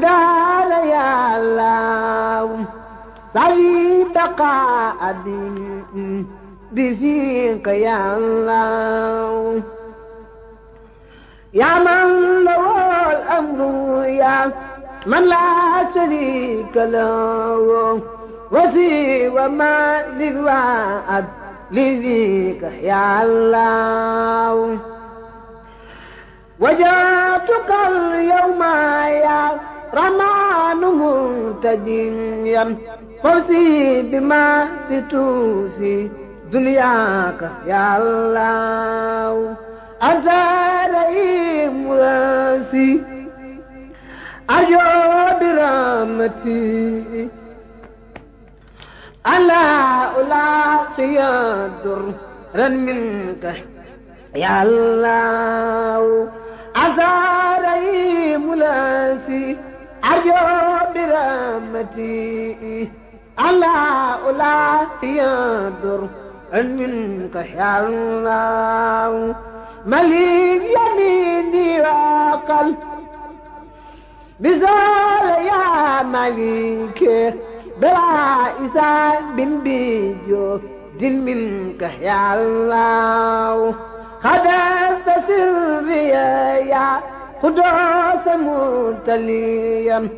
دار يا الله سعي بقاء بفيق يا الله يا من له الأمر يا من لا شريك له وسيب ما للوعد لذيك يا الله وجاتك اليوم يا رمان تدين فوزي بما ستوفي دنياك يا الله أنت رئيم أجو برامتي ألا ألاقي رن منك يا الله أزاري ملاسي أرجو برحمتي ألا أولا ينظر أن ينقح الله مليم يميني وقل بزول يا مليك بلا إسان بن بيجو دل منك يا الله خدست سري يا قداس مبتليا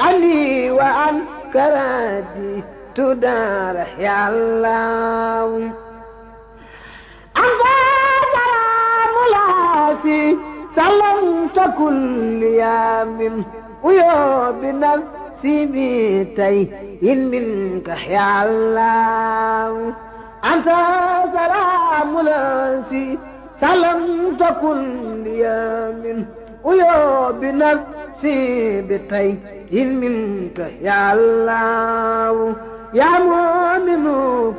علي وعن كرادي تدار يا الله أنت جرى ملاسي سلمت كل يوم ويا نفسي بيتي منك يا الله أنت سلام لاسي سلمت كل يوم ويا بنفسي بتي إن منك يا الله يا مؤمن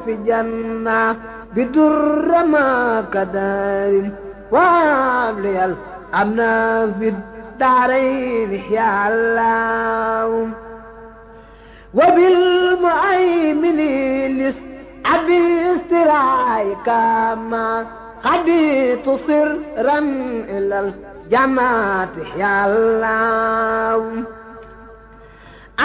في جنة بدر ما كدار وابلي الأمن في الدارين يا الله وبالمؤمن لس أبي استرايك ما قد تصر إلى الله جماعة يا الله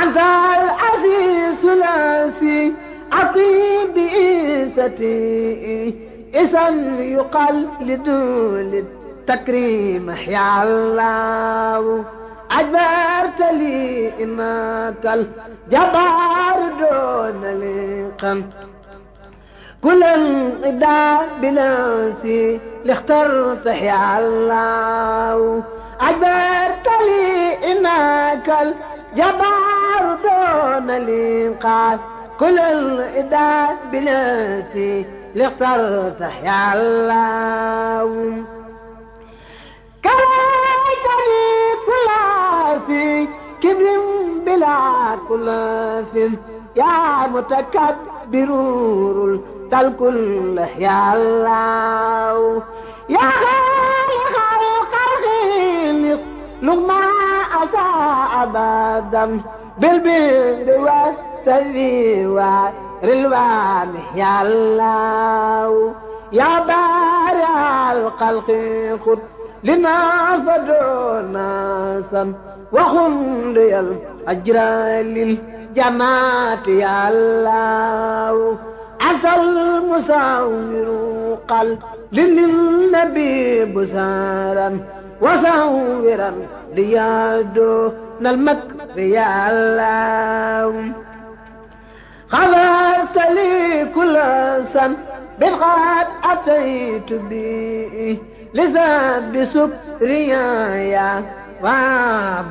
أنت العزيز الأسي أطيب إيستي إذا يقال لدول التكريم حيا الله أجبرت لي إماك الجبار دون لقم كل الإبداع بنفسي اللي اخترته يا الله أجبرت لي إنك الجبار دون الإنقاذ كل الإبداع بنفسي اللي اخترته يا الله كرهتني كل في كبر بلا كل يا متكبر كل يا الله يا خلق الخلق لغما أساء أبدا بالبير والسر رلوان يا الله يا بارع الخلق خذ لنا فدعونا سم وخن الأجر للجماعة يا الله حتى المساور قل للنبي بسارا وساورا ليدون المكر يا الله خذرت لي كل سن بالغاد أتيت به لزاد بسكريا يا waaw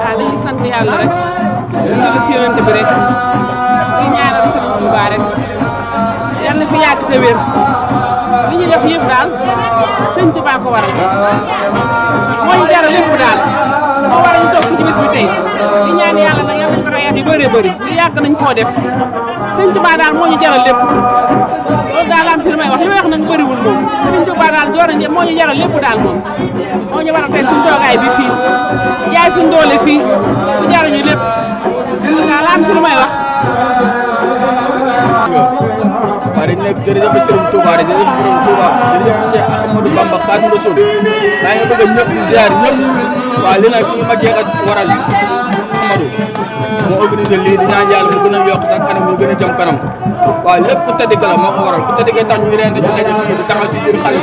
dañuy sant yàlla rek di julli si yonent bi rek di ñaanal Sëriñ Tuuba rek yal na fi yàgg te wér li ñu def yëpp daal sëñ Tuuba ko waral moo ñu jaral lépp daal moo waral ñu toog fi ci bis bi tey di ñaan yàlla nag yal nañu ko raayaat yu bëree bëri li yàgg nañ koo def sëñ Tuuba daal moo ñu jaral lépp. loolu daal am ci li may wax li may wax nag bëriwul moom Serigne Touba daal joor nañu moo ñu yaral lépp daal moom moo ñu waral bi fii jaay suñu doole fii bu jaruñu lépp loolu daal am ci li may wax. waaw dañu nekk jërëjëf Serigne Touba jërëjëf Borom Touba jërëjëf Cheikh Ahmadou Bamba Khadimou Rassoul maa ngi bëgg ñëpp di moo organisé lii di ñaan yàlla mu gën sa yokk sax kanam mu a jëm kanam waaw lépp ku tëddi la moo ko waral ku tëddi tax ñuy reen dañu daje fii si biir xale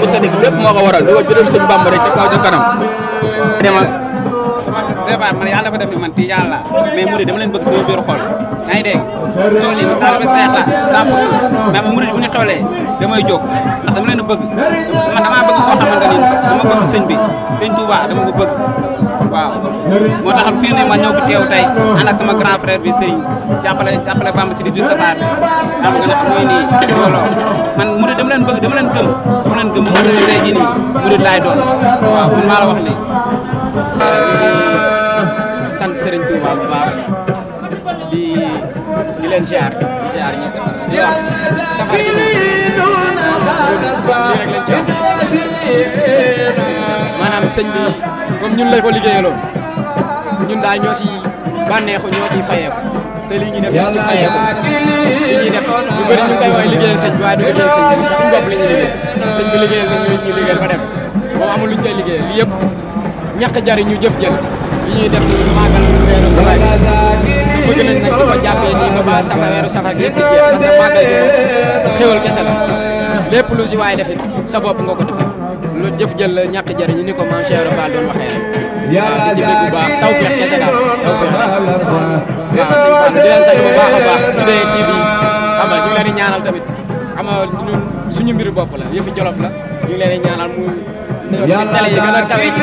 ku tëddi lépp moo ko waral di ko jëlal suñu bàmb rek ci kaw ca man yàlla dafa def ni man tijaan laa mais murid dama leen bëgg sama biir xol yaa ngi dégg tool yi ma taalibe seex la 100 pour cent mais ma murid bu ñu xewlee damay jóg dama leen bëgg man damaa bëgg koo xamante ni dama bëgg sëñ bi sëñ Touba dama ko bëgg waaw moo tax fii ne ma ñëw fi sama grand frère bi Serigne jàppale Bamba si di juste part bi nga ne mooy nii looloo man mu dama leen bëgg dama leen gëm dama leen gëm moo tax tey jii nii mu doon waaw man la wax eh, sant leen ziar ziar ñi di wax safar gi rek lañ ci am maanaam sëñ bi comme la ko liggéeyaloon ñun daal ñoo ci bànneexu ñoo ñuy def ñoo ci fayeeku li ñuy def lu bëri ñu koy sëñ bi waaye du liggéeyal sëñ bi suñu bopp jariñ ñu jëf jël bëgg nanti nag di ini jàppee nii ba ba safar di jeex parce que lu si waay defit sa bopp ko lu jëf jël la ñàkk ni ko maam Cheikh doon rek di ci bëgg bu baax taw feex kese daal di bu baax di TV xam nga ñu leen ñaanal tamit xam nga ñun suñu mbiru bopp la yëfi jolof la ñu leen ñaanal ci tali yi gën a kawe ci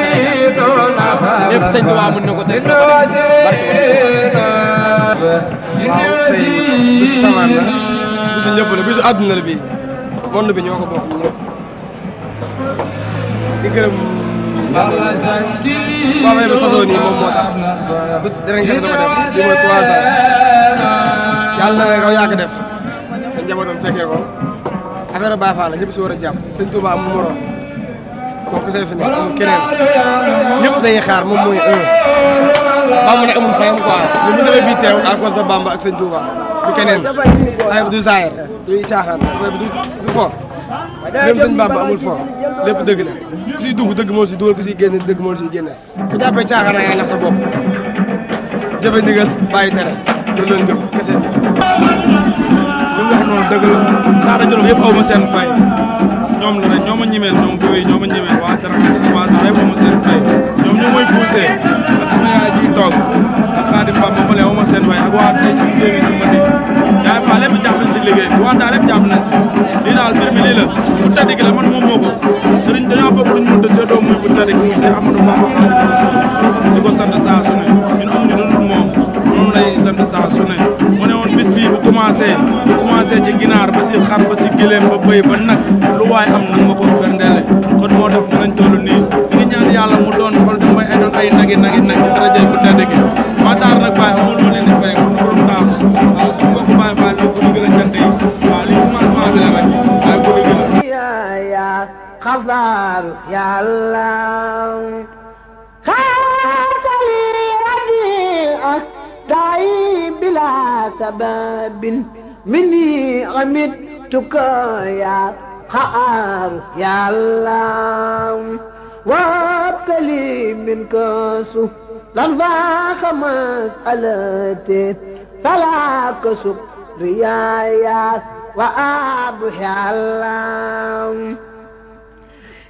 Sénégal lépp sëñ Tuubaa mën na ko teg loo ko def barke ko waaw tey bisu samaan la bisu ñëpp la bisu àdduna la bii monde bi ñoo ko bokk ñëpp di gërëm baabay bi sasoo nii moom moo tax du dinañ kese da ko def lii mooy trois ans yàlla na nga yàgg def te njabootam fekkee ko affaire Baay Faal la ñëpp si war a jàpp sëñ Tuubaa amul moroom kooku say fi nekk amul keneen ñëpp dañuy xaar moom mooy un bamba ne amul fayam quoi ñu mu demee fii teew à cause de bamba ak sëñ Touba du keneen waaye bi du zaayar du caaxaan waaye bi du du fo même sëñ bamba amul fo lépp dëgg la ku siy dugg dëgg moo si dugal ku siy génne dëgg moo siy génne ku jàppee caaxaan yaa nax sa bopp jëfe ndigal bàyyi tere loolu leen gëm kese li mu wax noonu dëgg la daara Jolof yëpp aw ma seen fay ñoom la rek ñoo ma ñimeel ñoom booy ñoo ma ñimeel waa dara kese ak waa dara moom seen fay ñoom ñoo may poussé ak sama yaay ji toog ak xaadim ba ma leen ma seen waa tey ñu dégg ñu ma di yaay faa lépp jàpp nañ si liggéey waa dara lépp jàpp nañ si lii daal mbir mi lii la ku tedd gi la man moom moo ko sëriñ dañoo bëgg duñ mën a séddoo muy bu tedd gi muy si di ko saa su ne ñun amuñu lu moom moom lay sant saa ne mu ne woon bis bii bu commencé bu commencé ci ginaar ba si xar ba si gileem ba bëy ba nag lu waay am nag ma ko berndele kon moo tax lañ toll nii شباب مني عمدتك يا خار يا الله وابتلي منك سهلا خمس ألتي فلا كسب ريايا وأبحي الله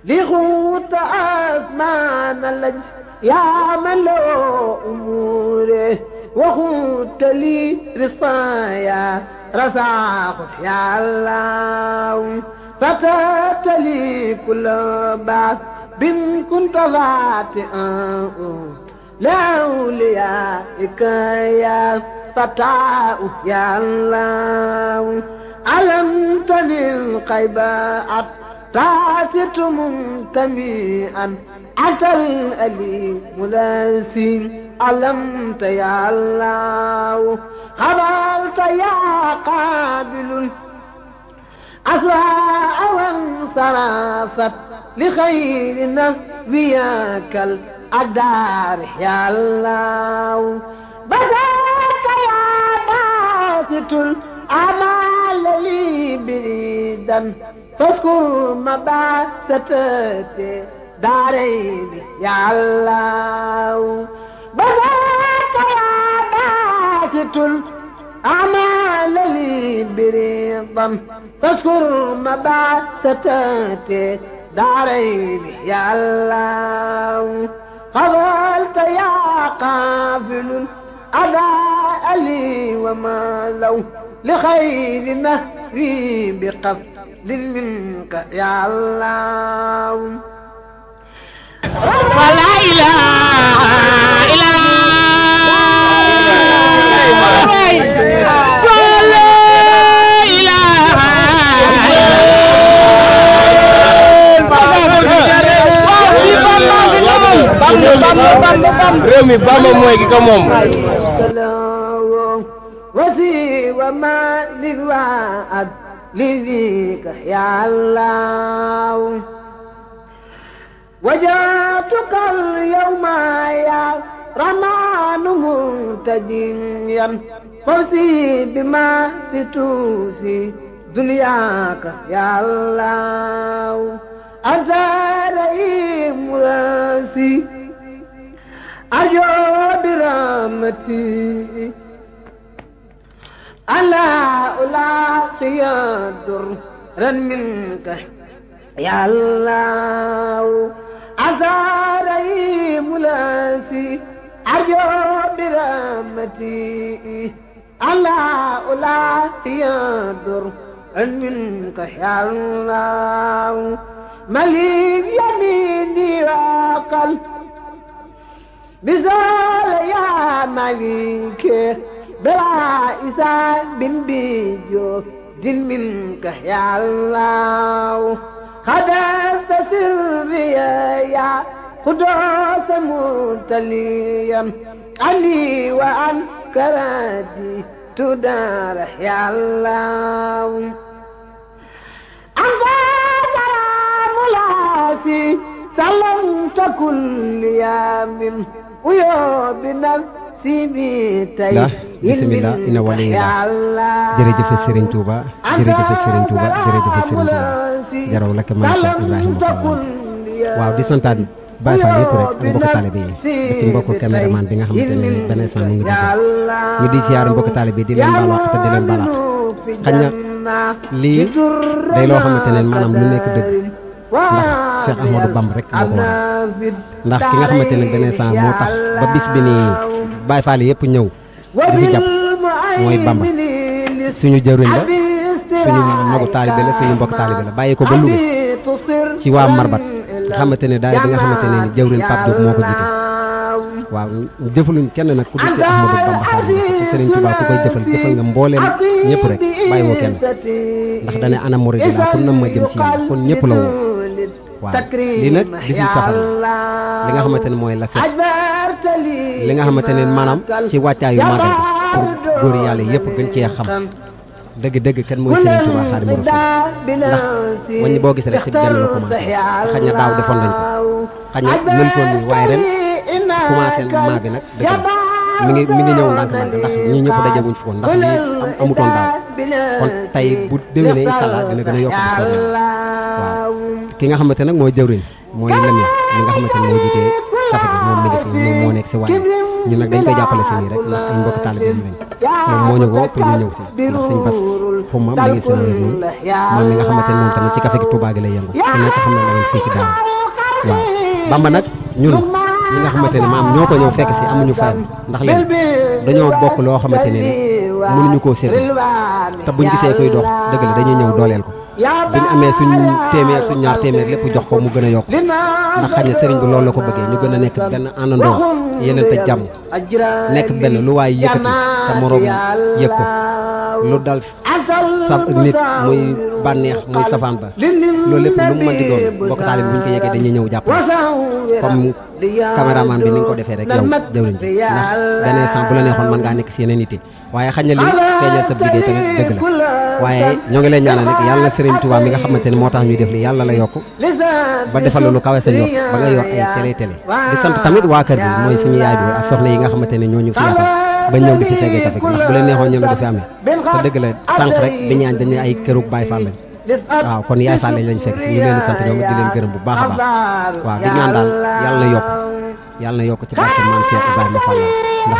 لغوت أزمان اللج يا ملو أموره وخوت لي رصايا رساخ يا الله فتات لي كل بعث بن كنت ذاتئا لأولياء إكايا فتاة يا الله علمتني القيبات تعفت منتميئا أتى الأليم لاسين علمت يا الله خبرت يا قابل أسواء وانصرفت لخير نبيك الأدار يا الله بزاك يا باسط الأمال لي بريدا فاذكر مباستي دارين يا الله بذاك يا باسط الأعمال لي بريضا تذكر مبعثتي دارين يا الله قبلت يا قافل أداء لي وما لو لخير نهري بقف منك يا الله ولا إله Remi bamba moy gi ko mom salam wasi wa ma lidwa ad lidik ya allah wajatuka al yawma ya ramanu tadin yam فوزي بما ستوفي دنياك يا الله أنت رئيم راسي أجو برامتي ألا ألاقي درا منك يا الله أنت رئيم راسي أجو برامتي على أولاد يدر أن منك يا الله مليك يميني وقل بزال يا مليك بلا إسان بن بيجو دين منك يا الله خدست سرية يا قدوس متليا أني وأنت كرادي تدار يا الله أنت سلام لاسي سلمت كل يوم ويا بنفسي بيتي لا بسم الله إن ولي الله جريجة في سيرين توبا جريجة في سيرين توبا جريجة في سيرين توبا جروا لك من شاء إبراهيم فاوان waaw di santaat Baye Fall yëpp rek ak mbokk talibé yi ba ci mbokk caméraman bi nga xamante ne benn san mu ngi dugg ñu di ziar mbokk talibé di leen balaax te di leen balaax xañ na lii day loo xamante ne maanaam lu nekk dëgg ndax Cheikh Ahmadou Bamb rek moo ko waral ndax ki nga xamante ne benn san moo tax ba bis bi nii di suñu jëruñ la suñu talibé la suñu mbokk talibé la ba ci Marbat nga xamante ne daal bi nga xamante ne ni jëwriñ Pape Diop moo ko jiite waaw jëfaluñ kenn nag ku du si Ahmadou Bamba Xaadimu Rasuul te Serigne Touba koy jëfal jëfal nga mbooleel ñëpp rek bàyyi woo kenn ndax dane ana muridi laa kon nam ma jëm ci yàlla kon ñëpp la woo waaw lii nag bisul safar li nga xamante ne mooy la set li nga xamante ne maanaam ci wàccaayu màggal bi pour góor yàlla yëpp gën cee xam dégg dégg kenn mooy Serigne Touba Xaadimu Rasuul ndax waññi boo gis rek ci benn la commencé te xaj na daaw defoon nañ ko xaj na mën toon nii waaye ren commencé maa bi nag dëgg la mi ngi mi ngi ñëw ndànk ndànk ndax ñii ñëpp daje wuñ ndax lii amutoon daaw tey bu déwénee incha allah dina gën a yokk bu soobee ki nga xamante nag mooy jëwriñ mooy lëmi li nga xamante ne moo jiite kafe gi moom mi ngi fi moo nekk si wàññi ñun nag dañ koy jàppale si nii rek ndax ay mbokk taalibe ñu moom moo ñu woo pour ñu ñëw si ndax sëñ bas xuma mi ngi seen wér moom mi nga xamante ne moom tamit ci café gi Touba gi lay yëngu ku nekk xam na nag ñun ñi nga xamante ne maam ñoo ko ñëw fekk si amuñu fayam ndax leen dañoo bokk loo xamante ne mënuñu koo sédd te buñ gisee koy dox dëgg la dañuy ñëw dooleel ko biñ amé suñ téeméer suñ ñaar téeméer lépp jox ko mu gëna yok ndax xañ sëriñ bi loolu ko bëggé ñu gëna nekk ben anando yeneen te jàmm nekk ben lu way yëkëti sa morom yëkko lu dal sa nit muy bànneex muy safaan ba loolu lépp lu mu mën di doon bokk talib buñ ko yëgee dañuy ñëw japp comme cameraman bi ni nga ko defee rek yow jawriñ ji ndax benn instant bu la neexon man nga nekk ci yeneen nit waaye xañ na li feeñal sa bëggé tamit dëgg la waaye ñoo ngi lay ñaanal nag yàlla na Serigne Touba mi nga xamante ni moo tax ñuy def li yàlla la yokk ba defal la lu kawe sa njort ba nga yor ay télé télé di sant tamit waa kër bi mooy suñu yaay bi ak soxna yi nga xamante ne ñoo ñu fi yaatal ba ñëw di fi seggee café ndax bu leen neexoon ñoom dafa amee te dëgg la sànq rek bi ñaan dañu ay këru baay Fall lañ waaw kon yaay Fall lañu fekk si ñu leen di sant ñoom di leen gërëm bu baax baax waaw di ñaan daal yàlla na yokk yàlla yokk ci barke maam Cheikh Ibrahima Fall ndax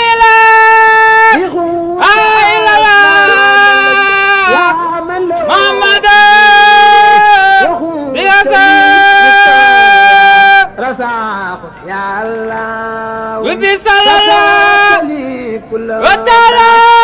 الله وبي صلى الله وتعالى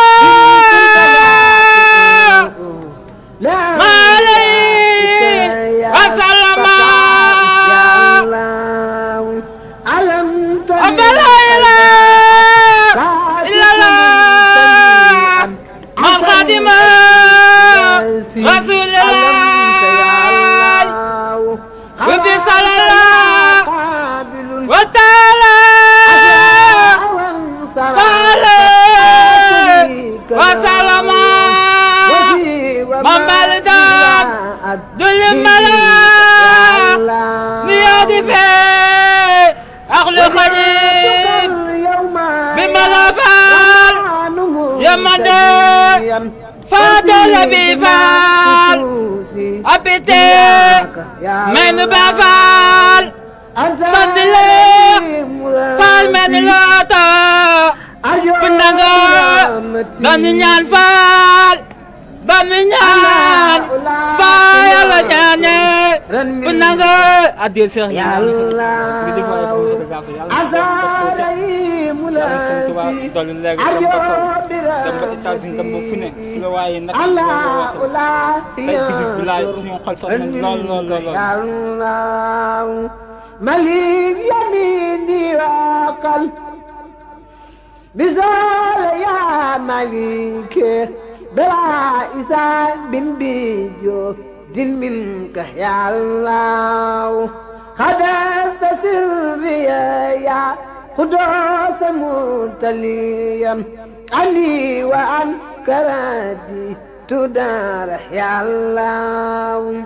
kanilota pinanga bami ñaan faal bami ñaan faaya la ñaane pinanga addiya seex ñaan yàlla sëñ Tuba dolli léegi dem ba kaw dem ba États-Unis dem ba fu ne fu la waaye nag loolu la woote tey bisib bi laay suñu xol sax nañ lool lool lool lool مليم يميني وقل بزول يا مليك بلا إسان بن بيجو دل منك يا الله خدست سري يا قدوس متليا علي وعن كرادي تدار يا الله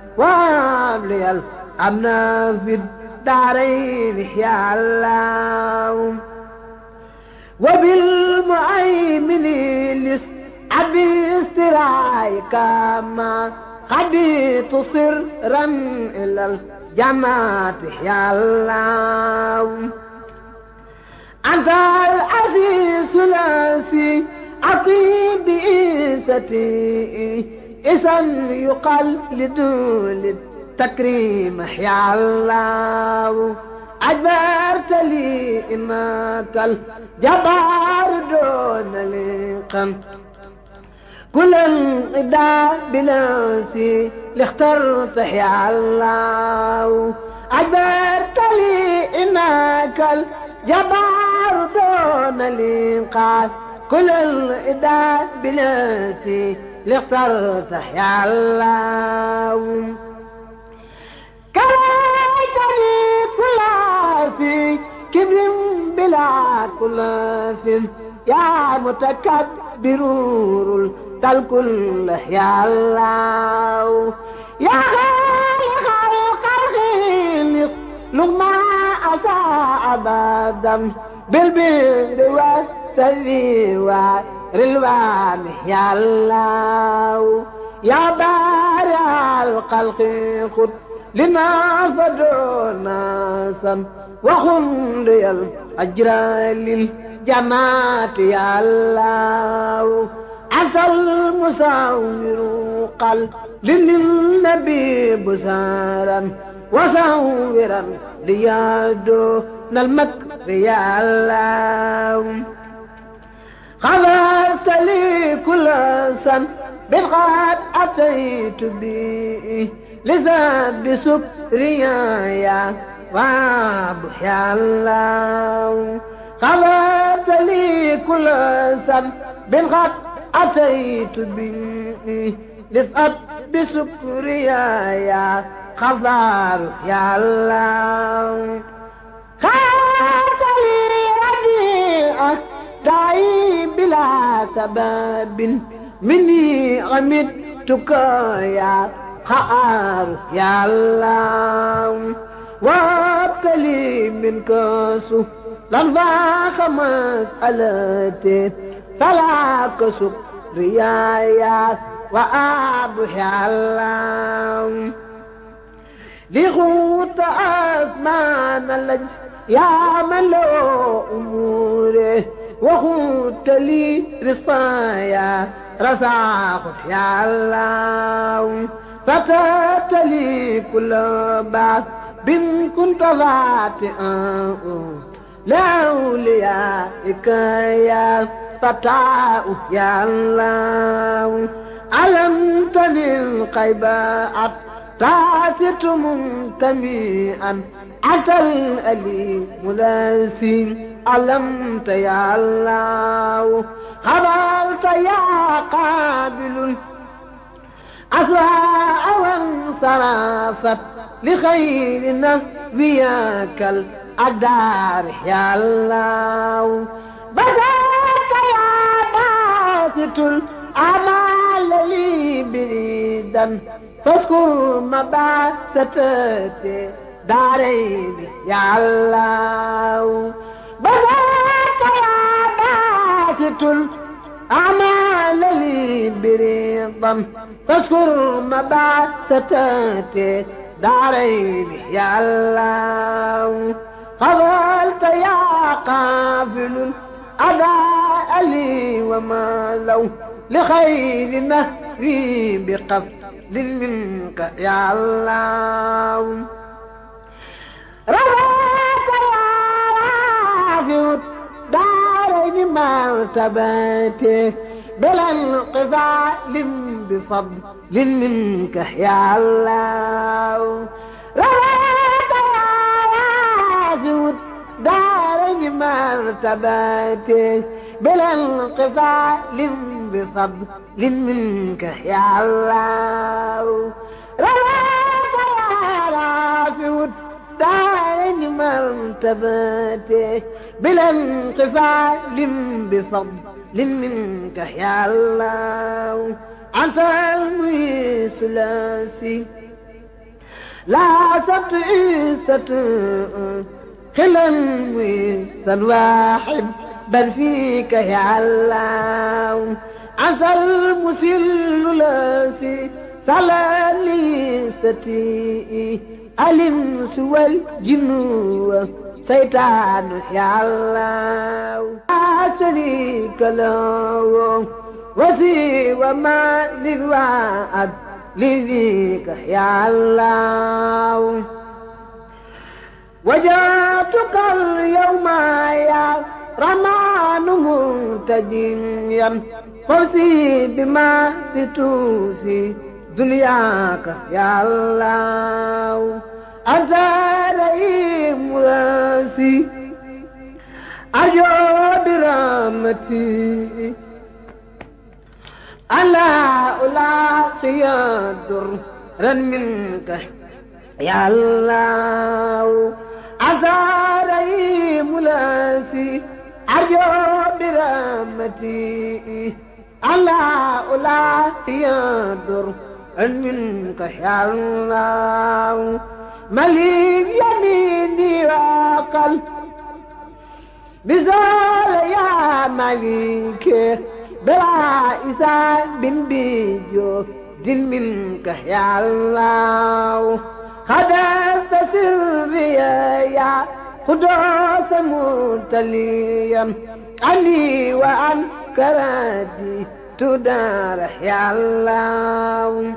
واملي الأمن في الدارين يا الله وبالمؤمن لس أبي استرايك ما تصر رن إلى الجماعة يا الله أنت العزيز الأسي أطيب إيستي إذا يقال لدول التكريم يا الله أجبرت لي انك الجبار دون لقم كل الغدا بلاسي لاخترت يا الله أجبرت لي إنك الجبار دون لقم كل الغدا بلاسي لاخترت يا الله كرهتني كل في كبر بلا كل في يا متكبر تل كل يا الله يا خالق الخلق لغما أساء أبدا بالبر والسلوى رلوان يا الله يا بارع القلق خذ لنا فدعونا سم وخن لي الأجر للجنات يا الله عسى المساور قل للنبي بسارا وساورا ليادو نلمك يا الله خذ أنت لي كل سن بالغاد أتيت به لزاد بسكريا يا رابح يا الله غلبت لي كل سن بالغاد أتيت به لزاد بسكريا يا خضار يا الله خلقت لي ربيعك دعيت بلا سبب مني غمدتك يا خار يا الله وابتلي منك سهلا فاخ مسألتي فلا كسب ريايا وأبحي الله لغوت أزمان اللج يا ملو أموره وخدت لي رصايا رساخ يا الله فتات لي كل بعث بن كنت ضاعتئا لأوليائك يا فتاة يا الله علمت للقيبات تعثت منتميئا أتى الأليم لاسين علمت يا الله خبرت يا قابل أسرى وانصرفت لخير نبياك الأقدار يا الله بزاك يا باسط الأمال لي بريدا فاذكر مباستي دارين يا الله باسط اعمال لي بريضا ما مبعثتاتي دارين يا الله قبلت يا قافل أداء لي وما لو لخير نهري بقفل منك يا الله رضاك يا رافع بفضل مرتباته بلا انقطاع بفضل منك يا الله رفعت يا زود دارج مرتباته بلا انقطاع بفضل منك يا الله رفعت يا رافع دارج مرتباته بلا انقفال بفضل منك يا الله أنت أمري ثلاثي لا ستئي ستئ خلال ويسا واحد بل فيك يا الله أنت المسل لاسي سلالي ستي الإنس والجنوة سيطان يا الله أسري كلو له وما ما لذيك يا الله وجاتك اليوم يا رمان منتجيا فوزي بما ستوفي دنياك يا الله أتى عليهم راسي أجر برحمتي ألا ألاقي درا منك يا الله أزاري ملاسي أرجو برحمتي ألا ألاقي درا منك يا الله مليم يميني وعقل بزول يا مليك بلا إسان بن بيجو دين منك يا الله خدس سري يا قدوس متليا أني وأن كرادي تدار يا الله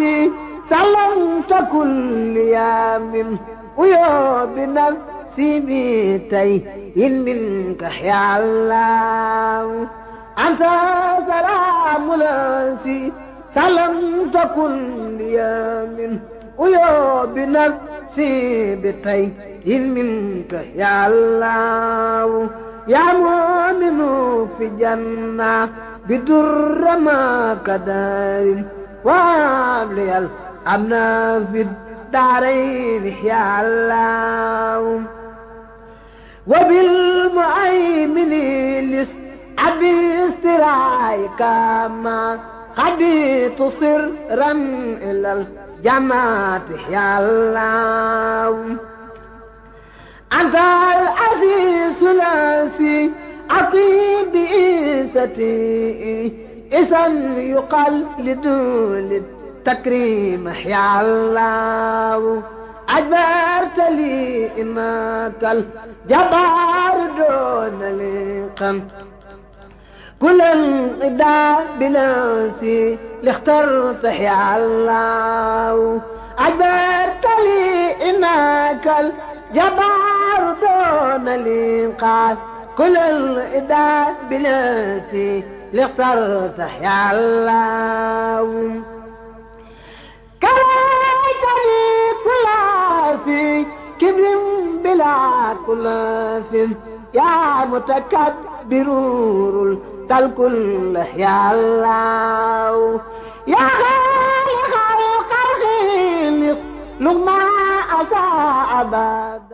نفسي سلمت كل يوم ويوم بنفسي بيتي منك يا الله أنت سلام لاسي سلمت كل يوم ويوم بنفسي بيتي منك يا الله يا مؤمن في جنة بدر ما كدار وهب أمنا في الدارين يا الله وبالمؤمن لسعد استرايك ما خديت سرا إلى الجماعة يا الله أنت العزيز الأسي أطيب إيستي إذا يقال لدول التكريم يا الله أجبرت لي إنك الجبار دون لقم كل انقضاء بلاسي لاخترت يا الله أجبرت لي إنك الجبار دون الإنقاذ كل الإداء بلاسي لاخترته يا الله كرهتني كل في كبر بلا كل في يا متكبر تلك يا الله يا خالق الخلق لغما أصاب